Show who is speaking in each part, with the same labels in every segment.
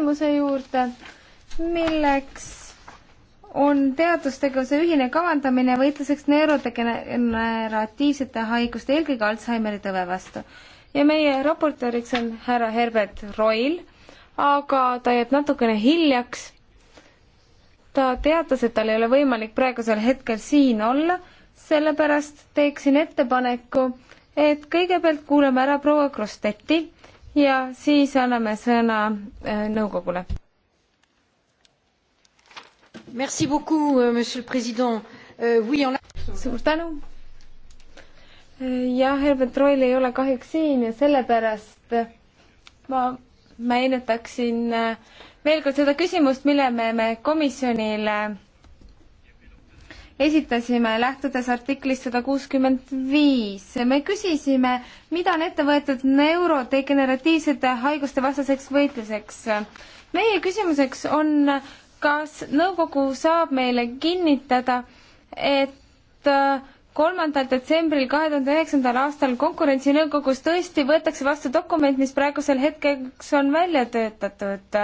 Speaker 1: küsimuse juurde, milleks on teadustegevuse ühine kavandamine võitluseks neurodegeneratiivsete haiguste, eelkõige Alžeimeri tõve vastu. ja meie raportööriks on härra Herbert Roil, aga ta jääb natukene hiljaks. ta teatas, et tal ei ole võimalik praegusel hetkel siin olla, sellepärast teeksin ettepaneku, et kõigepealt kuulame ära proua Krosteti ja siis anname sõna äh, nõukogule.
Speaker 2: Merci beaucoup, euh, monsieur le président.
Speaker 1: Euh, oui, on a... Suur tänu. Äh, jah, Herbert Roil ei ole kahjuks siin ja sellepärast äh, ma meenutaksin veel kord seda küsimust, mille me, me komisjonile esitasime, lähtudes artiklist sada kuuskümmend viis. me küsisime, mida on ette võetud neurodegeneratiivsete haiguste vastaseks võitluseks. meie küsimuseks on, kas nõukogu saab meile kinnitada, et kolmandal detsembril kahe tuhande üheksandal aastal konkurentsinõukogus tõesti võetakse vastu dokument, mis praegusel hetkeks on välja töötatud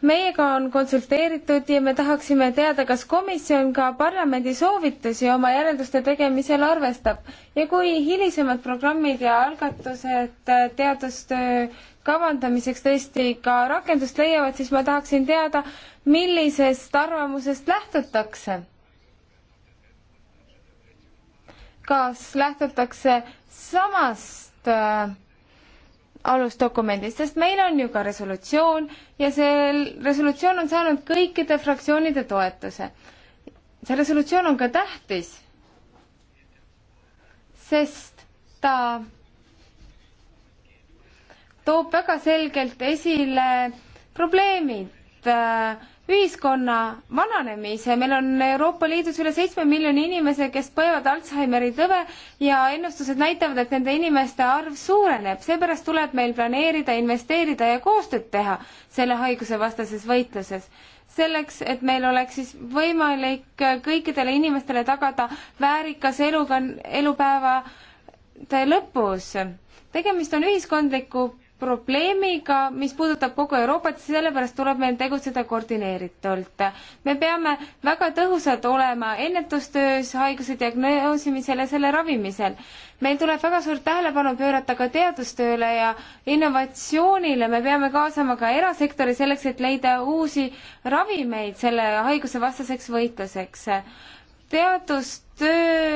Speaker 1: meiega on konsulteeritud ja me tahaksime teada, kas komisjon ka parlamendi soovitusi oma järelduste tegemisel arvestab ja kui hilisemad programmid ja algatused äh, teadustöö kavandamiseks tõesti ka rakendust leiavad, siis ma tahaksin teada, millisest arvamusest lähtutakse? kas lähtutakse samast äh, alusdokumendist, sest meil on ju ka resolutsioon ja see resolutsioon on saanud kõikide fraktsioonide toetuse. see resolutsioon on ka tähtis, sest ta toob väga selgelt esile probleemid, äh, ühiskonna vananemise, meil on Euroopa Liidus üle seitsme miljoni inimese, kes põevad Alžeimeri tõve ja ennustused näitavad, et nende inimeste arv suureneb, seepärast tuleb meil planeerida, investeerida ja koostööd teha selle haiguse vastases võitluses. selleks, et meil oleks siis võimalik kõikidele inimestele tagada väärikas eluga, elupäevade lõpus. tegemist on ühiskondliku probleemiga, mis puudutab kogu Euroopat, sellepärast tuleb meil tegutseda koordineeritult. me peame väga tõhusad olema ennetustöös, haiguse diagnoosimisel ja selle ravimisel. meil tuleb väga suurt tähelepanu pöörata ka teadustööle ja innovatsioonile, me peame kaasama ka erasektori selleks, et leida uusi ravimeid selle haiguse vastaseks võitluseks teadustöö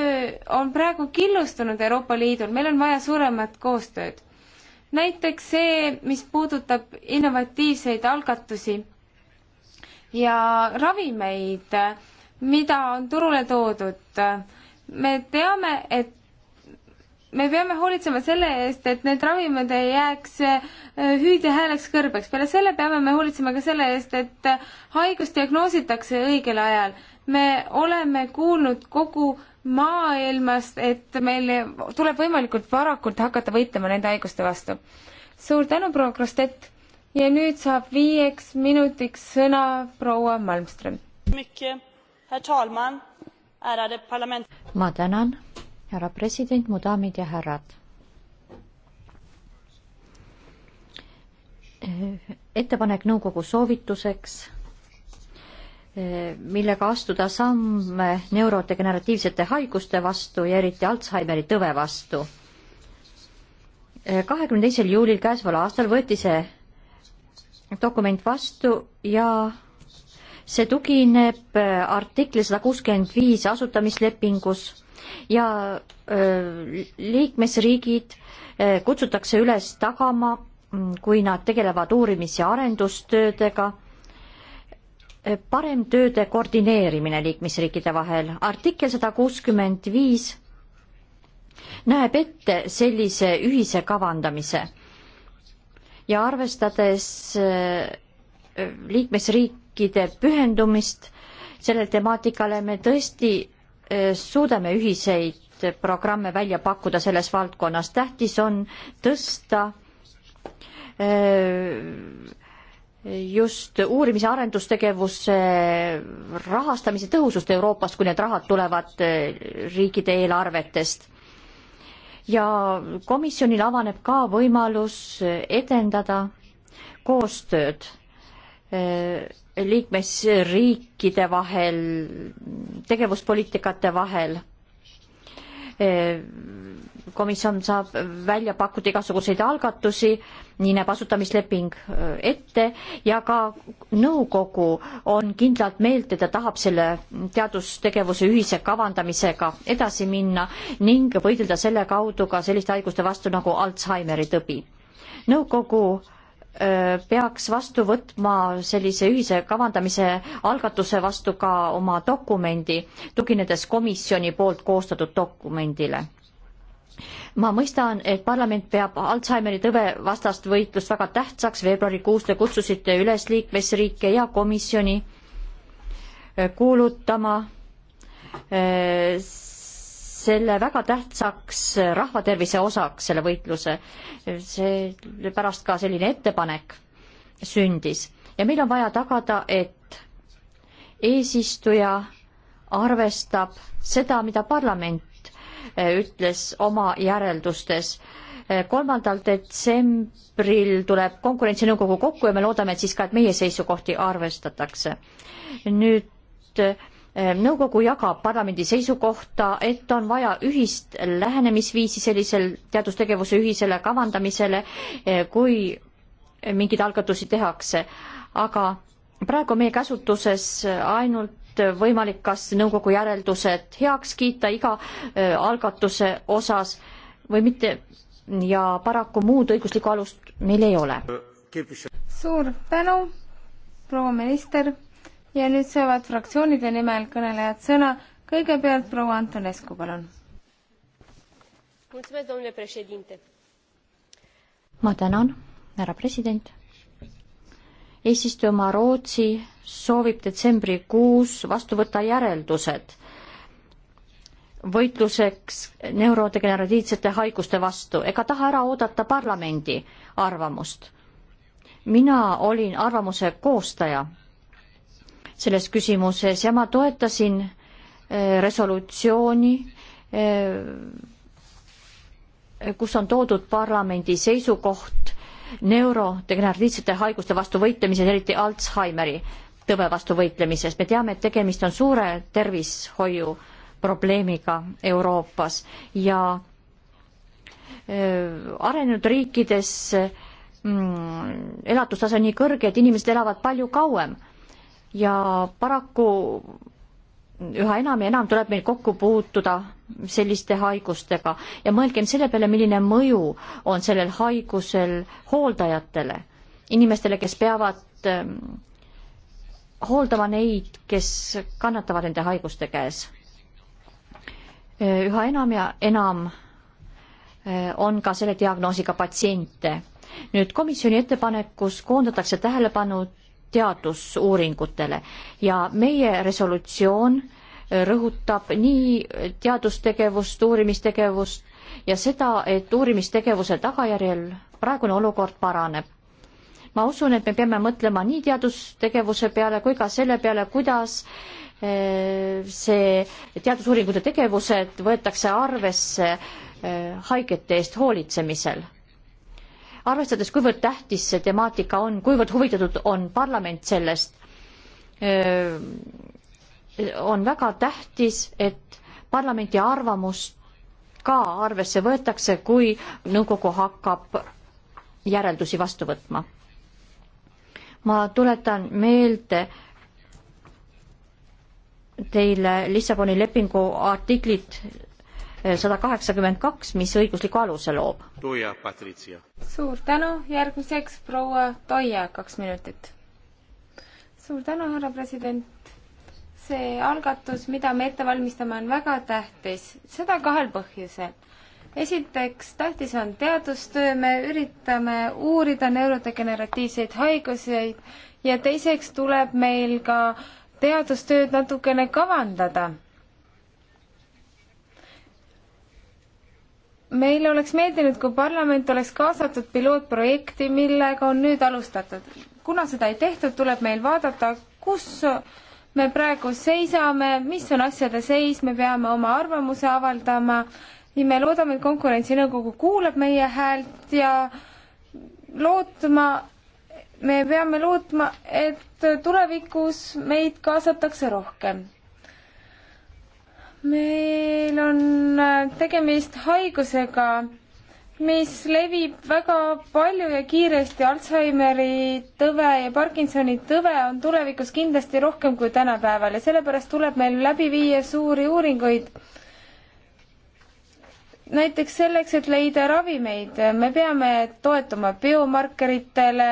Speaker 1: on praegu killustunud Euroopa Liidul, meil on vaja suuremat koostööd näiteks see, mis puudutab innovatiivseid algatusi ja ravimeid, mida on turule toodud. me teame, et me peame hoolitsema selle eest, et need ravimid ei jääks äh, hüüdi hääleks kõrbeks. peale selle peame me hoolitsema ka selle eest, et haigus diagnoositakse õigel ajal me oleme kuulnud kogu maailmast, et meil tuleb võimalikult varakult hakata võitlema nende haiguste vastu. suur tänu, proua Krostet ja nüüd saab viieks minutiks sõna proua Malmström.
Speaker 2: ma tänan, härra president, mu daamid ja härrad. Äh, ettepanek nõukogu soovituseks millega astuda samme neurodegeneratiivsete haiguste vastu ja eriti Alzheimeri tõve vastu. kahekümne teisel juulil käesoleval aastal võeti see dokument vastu ja see tugineb artikli sada kuuskümmend viis asutamislepingus ja liikmesriigid kutsutakse üles tagama, kui nad tegelevad uurimis- ja arendustöödega parem tööde koordineerimine liikmesriikide vahel. artikkel sada kuuskümmend viis näeb ette sellise ühise kavandamise ja arvestades äh, liikmesriikide pühendumist sellele temaatikale, me tõesti äh, suudame ühiseid programme välja pakkuda selles valdkonnas. tähtis on tõsta äh, just uurimise arendustegevuse rahastamise tõhusust Euroopast, kui need rahad tulevad eh, riikide eelarvetest. ja komisjonil avaneb ka võimalus eh, edendada koostööd eh, liikmesriikide vahel, tegevuspoliitikate vahel Eh, komisjon saab välja pakkuda igasuguseid algatusi, nii näeb asutamisleping eh, ette ja ka nõukogu on kindlalt meelt, et ta tahab selle teadustegevuse ühise kavandamisega edasi minna ning võidelda selle kaudu ka selliste haiguste vastu nagu Alžeimeri tõbi. nõukogu äh, peaks vastu võtma sellise ühise kavandamise algatuse vastu ka oma dokumendi, tuginedes komisjoni poolt koostatud dokumendile. ma mõistan, et parlament peab Alžeimeri tõve vastast võitlust väga tähtsaks, veebruarikuus te kutsusite üles liikmesriike ja komisjoni kuulutama selle väga tähtsaks rahvatervise osaks, selle võitluse. seepärast ka selline ettepanek sündis ja meil on vaja tagada, et eesistuja arvestab seda, mida parlament ütles oma järeldustes kolmandal detsembril tuleb konkurentsinõukogu kokku ja me loodame, et siis ka, et meie seisukohti arvestatakse. nüüd Ehm, nõukogu jagab parlamendi seisukohta, et on vaja ühist lähenemisviisi sellisel teadustegevuse ühisele kavandamisele, ehm, kui mingeid algatusi tehakse. aga praegu meie käsutuses ainult võimalik kas nõukogu järeldused heaks kiita iga ehm, algatuse osas või mitte ja paraku muud õiguslikku alust meil ei ole. suur tänu, proua minister ja nüüd saavad fraktsioonide nimel
Speaker 1: kõnelejad sõna. kõigepealt proua Antonescu, palun.
Speaker 2: ma tänan, härra president. eesistujamaa Rootsi soovib detsembrikuus vastu võtta järeldused võitluseks neurodegeneratiivsete haiguste vastu ega taha ära oodata parlamendi arvamust. mina olin arvamuse koostaja selles küsimuses ja ma toetasin äh, resolutsiooni, äh, kus on toodud parlamendi seisukoht neurodegeneratiivsete haiguste vastu võitlemisel, eriti Alzheimeri tõve vastu võitlemises. me teame, et tegemist on suure tervishoiu probleemiga Euroopas ja äh, arenenud riikides mm, elatustase on nii kõrge, et inimesed elavad palju kauem ja paraku üha enam ja enam tuleb meil kokku puutuda selliste haigustega ja mõelgem selle peale, milline mõju on sellel haigusel hooldajatele, inimestele, kes peavad ähm, hooldama neid, kes kannatavad nende haiguste käes. Äh, üha enam ja enam äh, on ka selle diagnoosiga patsiente. nüüd komisjoni ettepanekus koondatakse tähelepanu teadusuuringutele ja meie resolutsioon äh, rõhutab nii teadustegevust, uurimistegevust ja seda, et uurimistegevuse tagajärjel praegune olukord paraneb. ma usun, et me peame mõtlema nii teadustegevuse peale kui ka selle peale, kuidas äh, see teadusuuringute tegevused võetakse arvesse äh, haigete eest hoolitsemisel arvestades, kuivõrd tähtis see temaatika on, kuivõrd huvitatud on parlament sellest, on väga tähtis, et parlamendi arvamust ka arvesse võetakse, kui nõukogu hakkab järeldusi vastu võtma. ma tuletan meelde teile Lissaboni lepingu artiklit sada kaheksakümmend kaks, mis õigusliku aluse loob.
Speaker 1: suur tänu, järgmiseks proua Toia, kaks minutit. suur tänu, härra president. see algatus, mida me ette valmistame, on väga tähtis, seda kahel põhjusel esiteks, tähtis on teadustöö, me üritame uurida neurodegeneratiivseid haiguseid ja teiseks tuleb meil ka teadustööd natukene kavandada. meile oleks meeldinud, kui parlament oleks kaasatud pilootprojekti, millega on nüüd alustatud. kuna seda ei tehtud, tuleb meil vaadata, kus me praegu seisame, mis on asjade seis, me peame oma arvamuse avaldama ja me loodame, et Konkurentsinõukogu kuulab meie häält ja lootma, me peame lootma, et tulevikus meid kaasatakse rohkem meil on äh, tegemist haigusega, mis levib väga palju ja kiiresti. Alžeimeri tõve ja Parkinsoni tõve on tulevikus kindlasti rohkem kui tänapäeval ja sellepärast tuleb meil läbi viia suuri uuringuid. näiteks selleks, et leida ravimeid, me peame toetuma biomarkeritele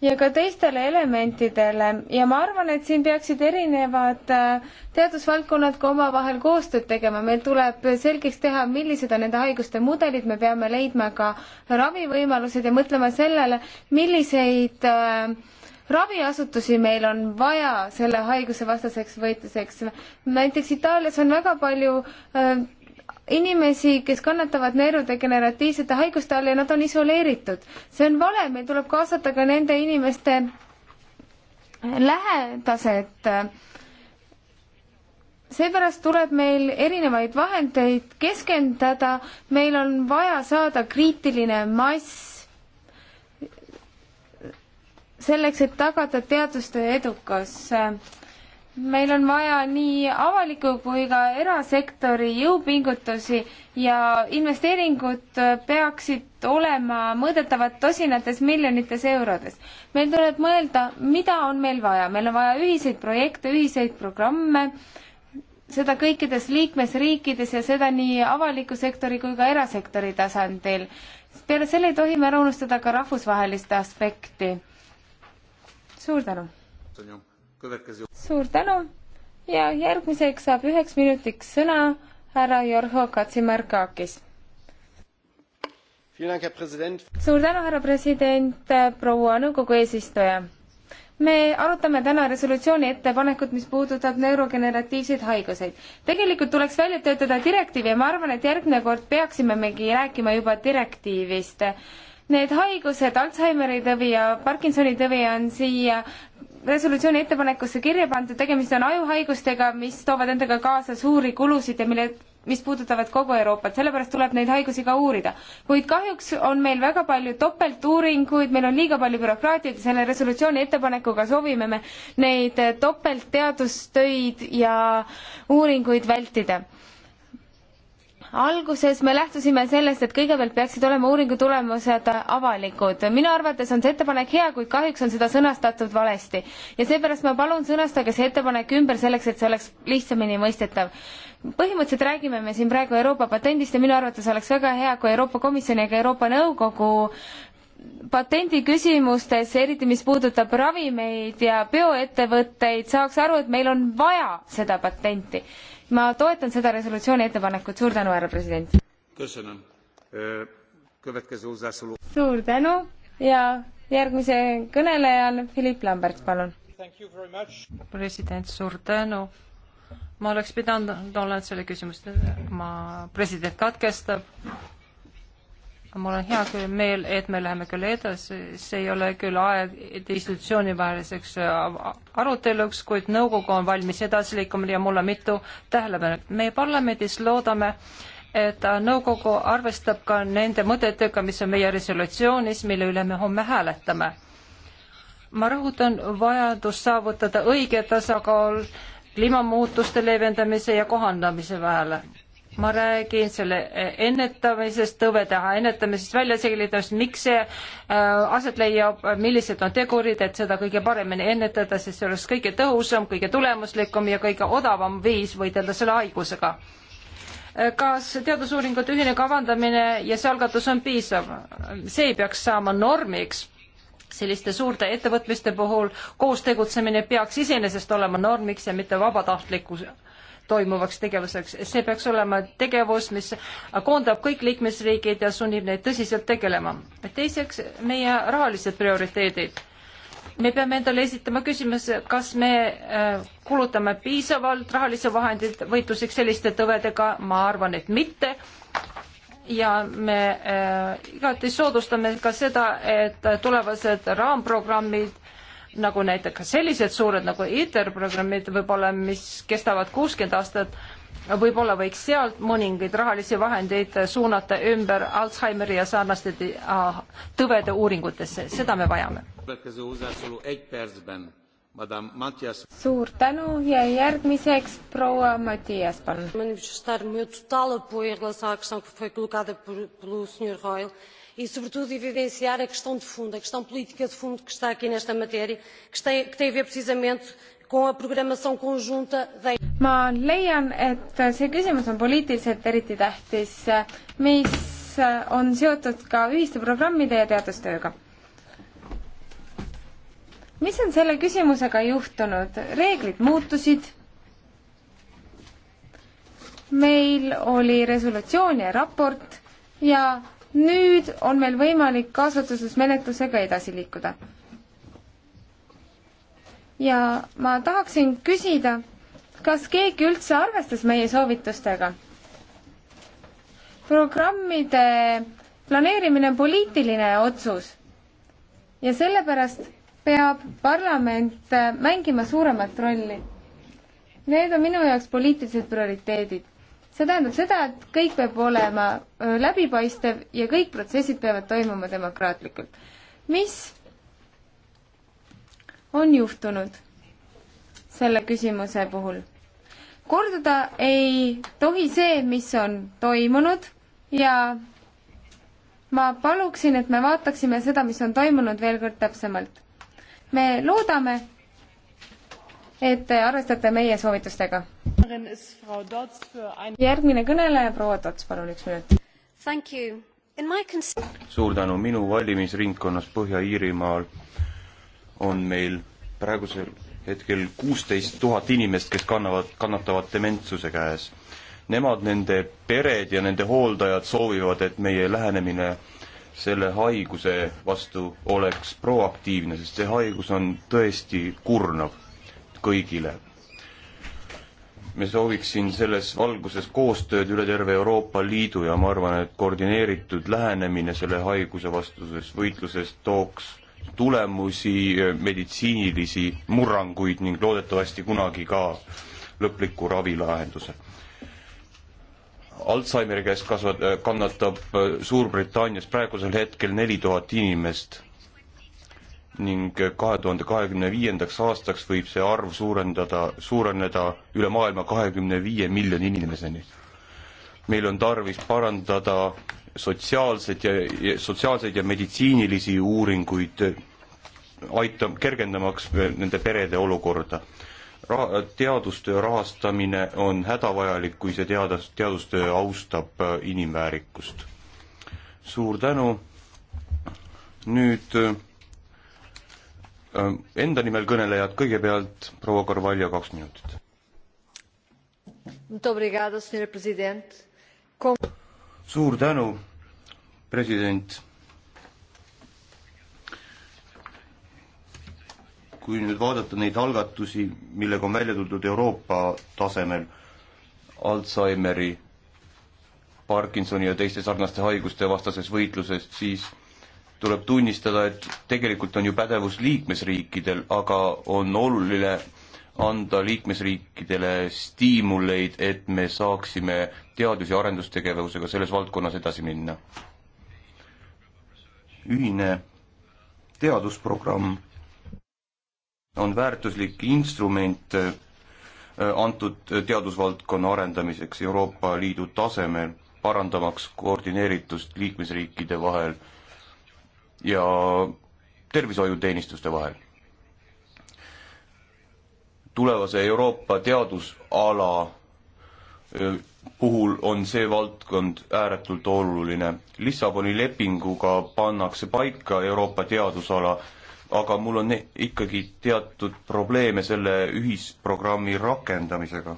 Speaker 1: ja ka teistele elementidele ja ma arvan, et siin peaksid erinevad äh, teadusvaldkonnad ka omavahel koostööd tegema, meil tuleb selgeks teha, millised on nende haiguste mudelid, me peame leidma ka ravivõimalused ja mõtlema sellele, milliseid äh, raviasutusi meil on vaja selle haiguse vastaseks võitluseks. näiteks Itaalias on väga palju äh, inimesi, kes kannatavad neerudegeneratiivsete haiguste all ja nad on isoleeritud. see on vale, meil tuleb kaasata ka nende inimeste lähedased. seepärast tuleb meil erinevaid vahendeid keskenduda, meil on vaja saada kriitiline mass selleks, et tagada teaduste edukas meil on vaja nii avaliku kui ka erasektori jõupingutusi ja investeeringud peaksid olema mõõdetavad tosinates miljonites eurodes. meil tuleb mõelda, mida on meil vaja, meil on vaja ühiseid projekte, ühiseid programme, seda kõikides liikmesriikides ja seda nii avaliku sektori kui ka erasektori tasandil. peale selle ei tohi me ära unustada ka rahvusvahelist aspekti. suur tänu! suur tänu ja järgmiseks saab üheks minutiks sõna härra Jorho Katsimarkakis. suur tänu, härra president, proua nõukogu eesistuja. me arutame täna resolutsiooni ettepanekut, mis puudutab neurogeneratiivseid haiguseid. tegelikult tuleks välja töötada direktiiv ja ma arvan, et järgmine kord peaksimegi rääkima juba direktiivist need haigused, Alžeimeri tõvi ja Parkinsoni tõvi on siia resolutsiooni ettepanekusse kirja pandud, tegemist on ajuhaigustega, mis toovad endaga kaasa suuri kulusid ja mille, mis puudutavad kogu Euroopat, sellepärast tuleb neid haigusi ka uurida. kuid kahjuks on meil väga palju topeltuuringuid, meil on liiga palju bürokraatiat ja selle resolutsiooni ettepanekuga soovime me neid topeltteadustöid ja uuringuid vältida alguses me lähtusime sellest, et kõigepealt peaksid olema uuringu tulemused avalikud. minu arvates on see ettepanek hea, kuid kahjuks on seda sõnastatud valesti. ja seepärast ma palun, sõnastage see ettepanek ümber selleks, et see oleks lihtsamini mõistetav. põhimõtteliselt räägime me siin praegu Euroopa patendist ja minu arvates oleks väga hea, kui Euroopa Komisjon ja ka Euroopa Nõukogu patendiküsimustes, eriti mis puudutab ravimeid ja bioettevõtteid, saaks aru, et meil on vaja seda patenti ma toetan seda resolutsiooni ettepanekut, suur tänu, härra president! suur tänu ja järgmise kõneleja on Philipp Lambert, palun. president, suur tänu.
Speaker 3: ma oleks pidanud, olen selle küsimust, ma, president katkestab mul on hea küll meel, et me läheme küll edasi, see ei ole küll aeg institutsioonivaheliseks äh, aruteluks, kuid nõukogu on valmis edasi liikuma ja mul on mitu tähelepanekut. meie parlamendis loodame, et äh, nõukogu arvestab ka nende mõtetega, mis on meie resolutsioonis, mille üle me homme hääletame. ma rõhutan vajadust saavutada õige tasakaal kliimamuutuste leevendamise ja kohandamise vahele ma räägin selle ennetamisest, tõvede ennetamisest, väljaselgitamisest, miks see äh, aset leiab, millised on tegurid, et seda kõige paremini ennetada, sest see oleks kõige tõhusam, kõige tulemuslikum ja kõige odavam viis võidelda selle haigusega. Äh, kas teadusuuringute ühine kavandamine ja see algatus on piisav? see ei peaks saama normiks selliste suurte ettevõtmiste puhul koos tegutsemine peaks iseenesest olema normiks ja mitte vabatahtlikkuse toimuvaks tegevuseks. see peaks olema tegevus, mis koondab kõik liikmesriigid ja sunnib neid tõsiselt tegelema. teiseks, meie rahalised prioriteedid. me peame endale esitama küsimuse, kas me äh, kulutame piisavalt rahalisi vahendeid võitluseks selliste tõvedega, ma arvan, et mitte ja me äh, igati soodustame ka seda, et tulevased raamprogrammid äh, nagu näiteks sellised suured nagu ITER-programmid võib-olla, mis kestavad kuuskümmend aastat, võib-olla võiks sealt mõningaid rahalisi vahendeid suunata ümber Alžeimeri ja sarnaste tõvede uuringutesse, seda me vajame.
Speaker 1: suur tänu ja järgmiseks proua Matias, palun
Speaker 2: e, sobretudo, evidenciar a questão de fundo, a questão política de fundo que está aqui nesta matéria, que tem, que tem a ver precisamente com a programação conjunta da ma
Speaker 1: leian, et see küsimus on poliitiliselt eriti tähtis, mis on seotud ka ühiste programmide ja teadustööga. mis on selle küsimusega juhtunud? reeglid muutusid, meil oli resolutsioon ja raport ja nüüd on meil võimalik kaasotsustusmenetlusega edasi liikuda. ja ma tahaksin küsida, kas keegi üldse arvestas meie soovitustega? programmide planeerimine on poliitiline otsus ja sellepärast peab parlament mängima suuremat rolli. Need on minu jaoks poliitilised prioriteedid see tähendab seda, et kõik peab olema läbipaistev ja kõik protsessid peavad toimuma demokraatlikult. mis on juhtunud selle küsimuse puhul? korduda ei tohi see, mis on toimunud ja ma paluksin, et me vaataksime seda, mis on toimunud veel kord täpsemalt. me loodame, et te arvestate meie soovitustega järgmine kõneleja, proua Tots, palun üks minut.
Speaker 4: suur tänu, minu valimisringkonnas Põhja-Iirimaal on meil praegusel hetkel kuusteist tuhat inimest, kes kannavad, kannatavad dementsuse käes. Nemad, nende pered ja nende hooldajad soovivad, et meie lähenemine selle haiguse vastu oleks proaktiivne, sest see haigus on tõesti kurnav kõigile me sooviksin selles valguses koostööd üle terve Euroopa Liidu ja ma arvan, et koordineeritud lähenemine selle haiguse vastuses võitluses tooks tulemusi, meditsiinilisi murranguid ning loodetavasti kunagi ka lõpliku ravilahenduse. Alžeimeri käes kasvat-, kannatab äh, Suurbritannias praegusel hetkel neli tuhat inimest ning kahe tuhande kahekümne viiendaks aastaks võib see arv suurendada, suureneda üle maailma kahekümne viie miljoni inimeseni. meil on tarvis parandada sotsiaalsed ja, ja sotsiaalseid ja meditsiinilisi uuringuid, aitab, kergendamaks nende perede olukorda. Ra-, teadustöö rahastamine on hädavajalik, kui see teadas, teadustöö austab äh, inimväärikust. suur tänu, nüüd äh, Äh, enda nimel kõnelejad, kõigepealt proua Carvalho, kaks minutit. suur tänu, president. kui nüüd vaadata neid algatusi, millega on välja tuldud Euroopa tasemel, Alžeimeri, Parkinsoni ja teiste sarnaste haiguste vastases võitluses, siis tuleb tunnistada, et tegelikult on ju pädevus liikmesriikidel, aga on oluline anda liikmesriikidele stiimuleid, et me saaksime teadus- ja arendustegevusega selles valdkonnas edasi minna. ühine teadusprogramm on väärtuslik instrument äh, antud teadusvaldkonna arendamiseks Euroopa Liidu tasemel, parandamaks koordineeritust liikmesriikide vahel ja tervishoiuteenistuste vahel. tulevase Euroopa teadusala puhul on see valdkond ääretult oluline. Lissaboni lepinguga pannakse paika Euroopa teadusala, aga mul on ikkagi teatud probleeme selle ühisprogrammi rakendamisega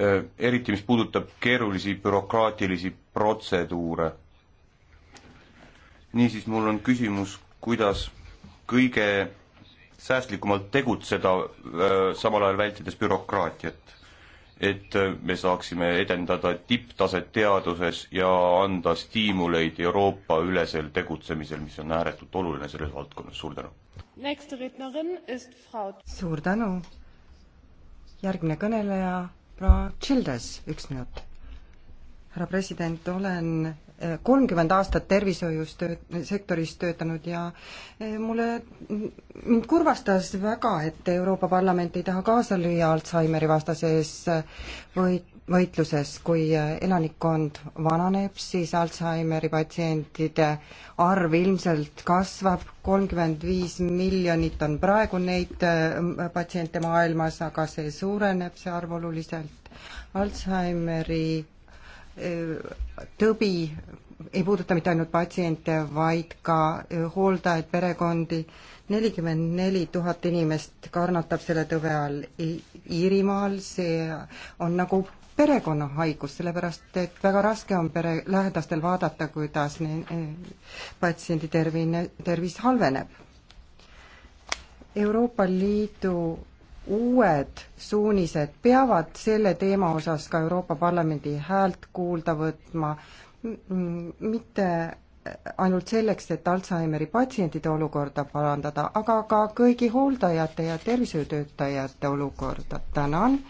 Speaker 4: Äh, eriti mis puudutab keerulisi bürokraatilisi protseduure. niisiis, mul on küsimus, kuidas kõige säästlikumalt tegutseda, äh, samal ajal vältides bürokraatiat. et äh, me saaksime edendada tipptaset teaduses ja anda stiimuleid Euroopa-ülesel tegutsemisel, mis on ääretult oluline selles valdkonnas, suur tänu!
Speaker 5: suur tänu! järgmine kõneleja proua Childers, üks minut. härra president, olen eh, kolmkümmend aastat tervishoius töö, sektoris töötanud ja eh, mulle, mind kurvastas väga, et Euroopa Parlament ei taha kaasa lüüa Alžeimeri vastases võit, võitluses, kui elanikkond vananeb, siis Alžeimeri patsientide arv ilmselt kasvab, kolmkümmend viis miljonit on praegu neid patsiente maailmas, aga see suureneb, see arv oluliselt. Alžeimeri e, tõbi ei puuduta mitte ainult patsiente, vaid ka e, hooldajaid, perekondi. nelikümmend neli tuhat inimest kannatab selle tõve all Iirimaal, see on nagu perekonnahaigus, sellepärast et väga raske on pere lähedastel vaadata, kuidas patsiendi tervine, tervis halveneb. Euroopa Liidu uued suunised peavad selle teema osas ka Euroopa Parlamendi häält kuulda võtma, mitte ainult selleks, et Alžeimeri patsientide olukorda parandada, aga ka kõigi hooldajate ja tervishoiutöötajate olukorda. tänan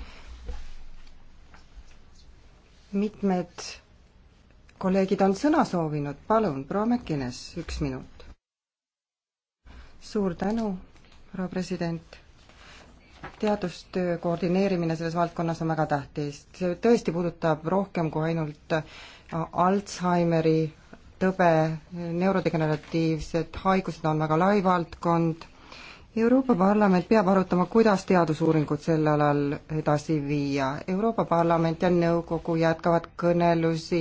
Speaker 5: mitmed kolleegid on sõna soovinud, palun, proua Mäkkines, üks minut. suur tänu, proua president teadustöö koordineerimine selles valdkonnas on väga tähtis. see tõesti puudutab rohkem kui ainult Alzheimeri tõbe, neurodegeneratiivsed haigused on väga lai valdkond, Euroopa Parlament peab arutama, kuidas teadusuuringud sel alal edasi viia. Euroopa Parlament ja nõukogu jätkavad kõnelusi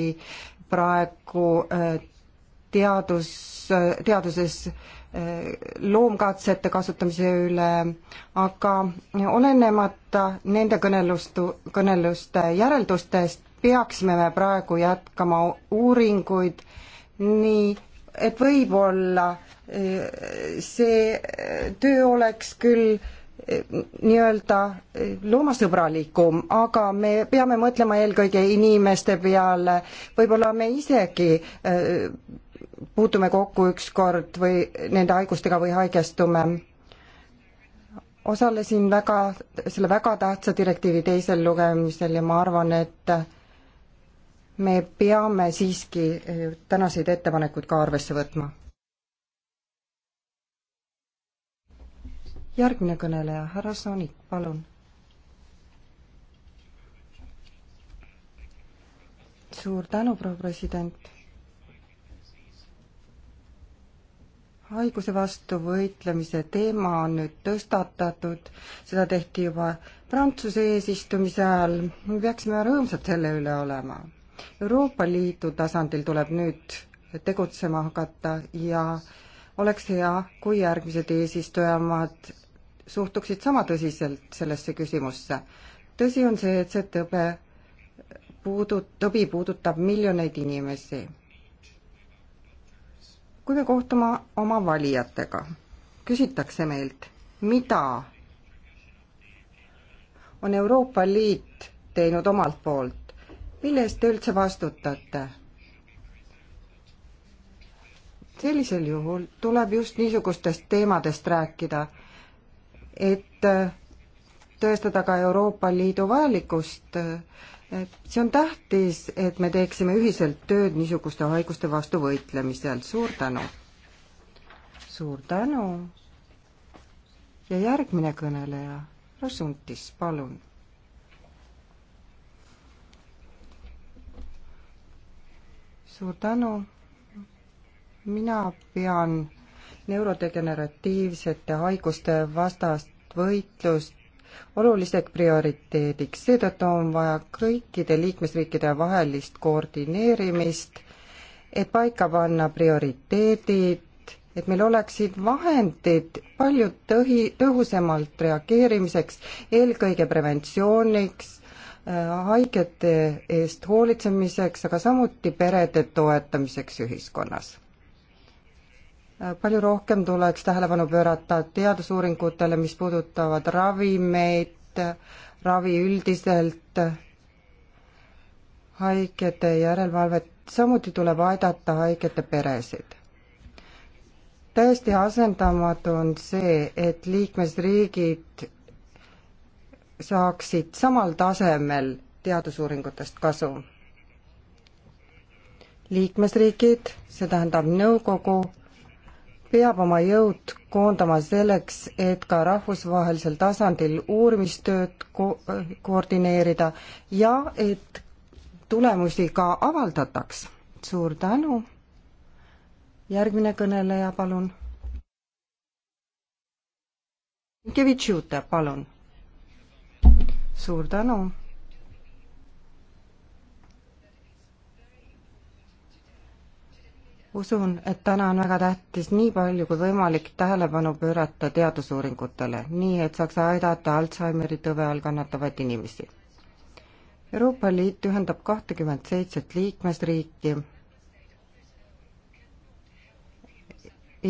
Speaker 5: praegu äh, teadus, äh, teaduses äh, loomkatsete kasutamise üle, aga olenemata nende kõnelustu, kõneluste järeldustest peaksime me praegu jätkama uuringuid nii et võib-olla eh, see eh, töö oleks küll eh, nii-öelda loomasõbralikum, aga me peame mõtlema eelkõige inimeste peale, võib-olla me isegi puutume kokku ükskord või nende haigustega või haigestume. osalesin väga, selle väga tähtsa direktiivi teisel lugemisel ja ma arvan, et me peame siiski eh, tänaseid ettepanekuid ka arvesse võtma. järgmine kõneleja, härra Soonik, palun. suur tänu, proua president haiguse vastu võitlemise teema on nüüd tõstatatud, seda tehti juba Prantsuse eesistumise ajal, me peaksime rõõmsad selle üle olema. Euroopa Liidu tasandil tuleb nüüd tegutsema hakata ja oleks hea, kui järgmised eesistujamaad suhtuksid sama tõsiselt sellesse küsimusse. tõsi on see, et see tõbe puudut-, tõbi puudutab miljoneid inimesi. kui me kohtume oma valijatega, küsitakse meilt, mida on Euroopa Liit teinud omalt poolt mille eest te üldse vastutate? sellisel juhul tuleb just niisugustest teemadest rääkida, et äh, tõestada ka Euroopa Liidu vajalikkust. Äh, see on tähtis, et me teeksime ühiselt tööd niisuguste haiguste vastu võitlemisel. suur tänu! suur tänu! ja järgmine kõneleja, Rasuntis, palun suur tänu. mina pean neurodegeneratiivsete haiguste vastast võitlust oluliseks prioriteediks, seetõttu on vaja kõikide liikmesriikide vahelist koordineerimist, et paika panna prioriteedid, et meil oleksid vahendid palju tõhi, tõhusamalt reageerimiseks, eelkõige preventsiooniks, haigete eest hoolitsemiseks, aga samuti perede toetamiseks ühiskonnas. palju rohkem tuleks tähelepanu pöörata teadusuuringutele, mis puudutavad ravimeid, ravi üldiselt, haigete järelevalvet, samuti tuleb aidata haigete peresid täiesti asendamatu on see, et liikmesriigid saaksid samal tasemel teadusuuringutest kasu. liikmesriigid, see tähendab nõukogu, peab oma jõud koondama selleks, et ka rahvusvahelisel tasandil uurimistööd ko-, koordineerida ja et tulemusi ka avaldataks. suur tänu! järgmine kõneleja, palun. Kevitš Jute, palun suur tänu. usun, et täna on väga tähtis nii palju kui võimalik tähelepanu pöörata teadusuuringutele, nii et saaks aidata Alžeimeri tõve all kannatavaid inimesi. Euroopa Liit ühendab kahtekümmet seitset liikmesriiki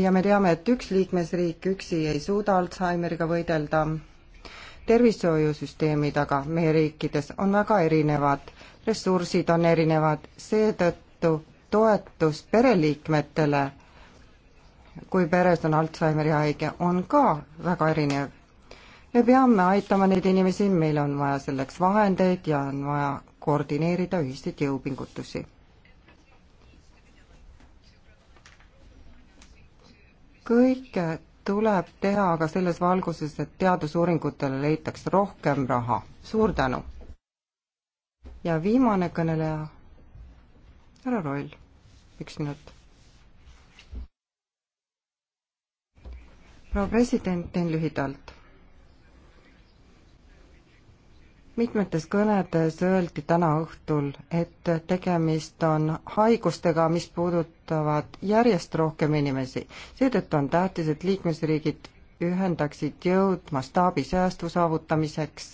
Speaker 5: ja me teame, et üks liikmesriik üksi ei suuda Alžeimeriga võidelda tervishoiusüsteemid aga meie riikides on väga erinevad, ressursid on erinevad, seetõttu toetus pereliikmetele, kui peres on Alžeimeri haige, on ka väga erinev. me peame aitama neid inimesi, meil on vaja selleks vahendeid ja on vaja koordineerida ühiseid jõupingutusi. kõike tuleb teha aga selles valguses, et teadusuuringutele leitaks rohkem raha. suur tänu! ja viimane kõneleja, härra Roll, üks minut. proua president, teen lühidalt mitmetes kõnedes öeldi täna õhtul, et tegemist on haigustega, mis puudutavad järjest rohkem inimesi. seetõttu on tähtis, et liikmesriigid ühendaksid jõud mastaabisäästu saavutamiseks.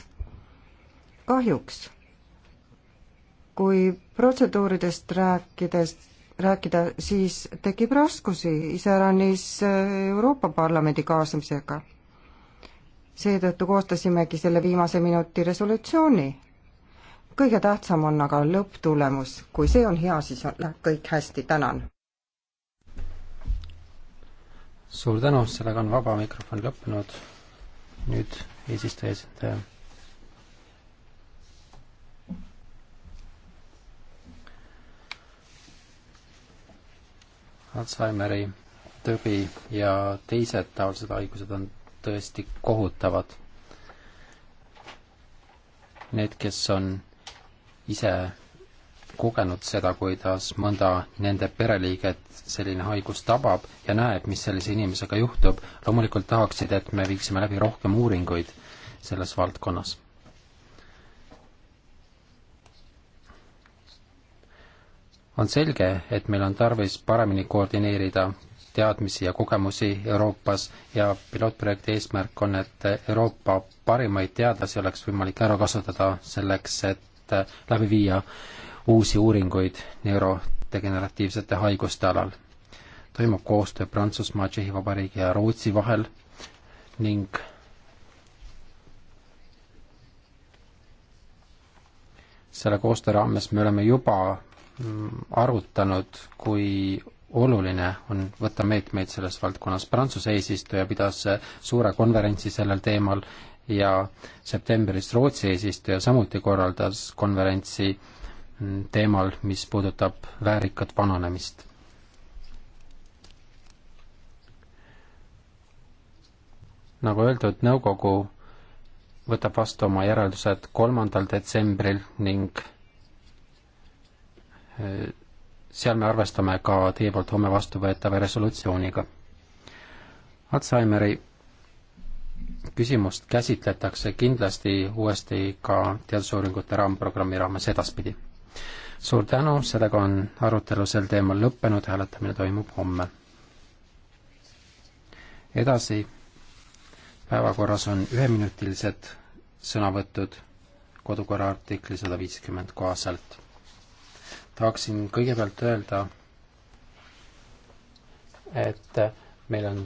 Speaker 5: kahjuks, kui protseduuridest rääkides rääkida, siis tekib raskusi iseäranis Euroopa Parlamendi kaasamisega seetõttu koostasimegi selle viimase minuti resolutsiooni. kõige tähtsam on aga lõpptulemus, kui see on hea, siis on, läheb kõik hästi, tänan.
Speaker 6: suur tänu, sellega on vaba mikrofon lõppenud. nüüd eesistuja esindaja. Alžeimeri tõbi ja teised taolised haigused on tõesti kohutavad. Need, kes on ise kogenud seda, kuidas mõnda nende pereliiget selline haigus tabab ja näeb, mis sellise inimesega juhtub, loomulikult tahaksid, et me viiksime läbi rohkem uuringuid selles valdkonnas. on selge, et meil on tarvis paremini koordineerida teadmisi ja kogemusi Euroopas ja pilootprojekti eesmärk on, et Euroopa parimaid teadlasi oleks võimalik ära kasutada selleks, et läbi viia uusi uuringuid neurodegeneratiivsete haiguste alal. toimub koostöö Prantsusmaa, Tšehhi Vabariigi ja Rootsi vahel ning selle koostöö raames me oleme juba mm, arutanud, kui oluline on võtta meetmeid selles valdkonnas. Prantsuse eesistuja pidas äh, suure konverentsi sellel teemal ja septembris Rootsi eesistuja samuti korraldas konverentsi mm, teemal, mis puudutab väärikat vananemist. nagu öeldud, nõukogu võtab vastu oma järeldused kolmandal detsembril ning äh, seal me arvestame ka teie poolt homme vastuvõetava resolutsiooniga. Alžeimeri küsimust käsitletakse kindlasti uuesti ka teadusuuringute raamprogrammi raames edaspidi. suur tänu, sellega on arutelu sel teemal lõppenud, hääletamine toimub homme. edasi, päevakorras on üheminutilised sõnavõtud kodukorra artikli sada viiskümmend kohaselt tahaksin kõigepealt öelda, et meil on